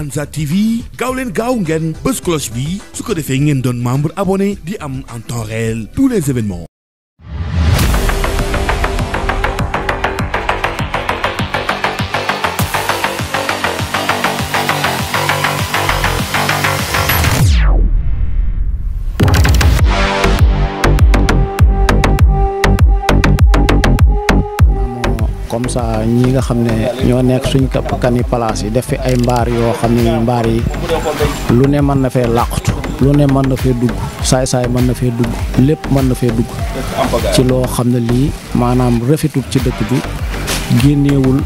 Ansar TV gaaw leen gaaw ngeen bés cloche bi su ko defee ngeen doon membre abonné di am en temps réel tous les événements comme ça ñi nga xamné ne nek suñu kap kané place yi def fi ay mbar yo xamné mbar yi lu né man na fé laqtu lu né man na fé dugg say say man na fé dugg lepp man na fé dugg ci lo xamné li lii maanaam ci dëkk bi génneewul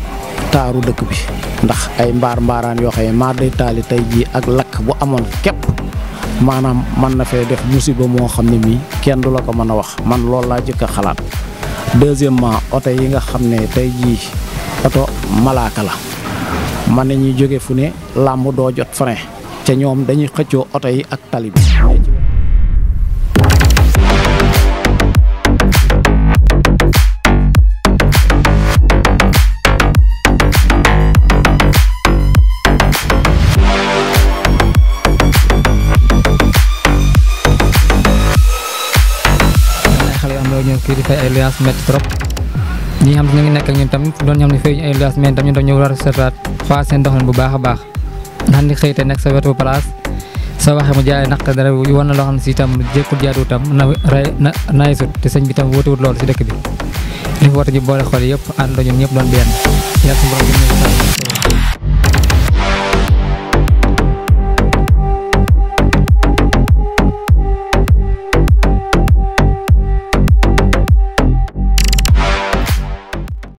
taru dëkk bi ndax ay mbar mbaran yo xam ma day tali tay ji ak lak bu amon kep, manam man na fee def musiba mo xam mi mii kenn dula ko wax man lool la jëk xalaat deuxièmement oto yi nga xam ne tey jii oto malaaka la mën nañu jóge fu ne làmb doo jot frein ca ñoom dañuy xëccoo oto yi ak tali ñoo ki fe ay metrop, metti trop ñi xam ñu ngi nekk ak ñun tam doon ñam ni fay ay liasse mais tam ñu dañu war a seetaat xaar seen doxalin bu baax a baax ndax ni xëyte nekk sa wetu place sa waxe mu jaay nak dara yu won lo xamne ci tam jekul jaadu tam na nay te señ bi tam wote wut lol ci dekk bi li wote ji boole xol yépp and ñun ñëpp doon benn ya sun borom ñu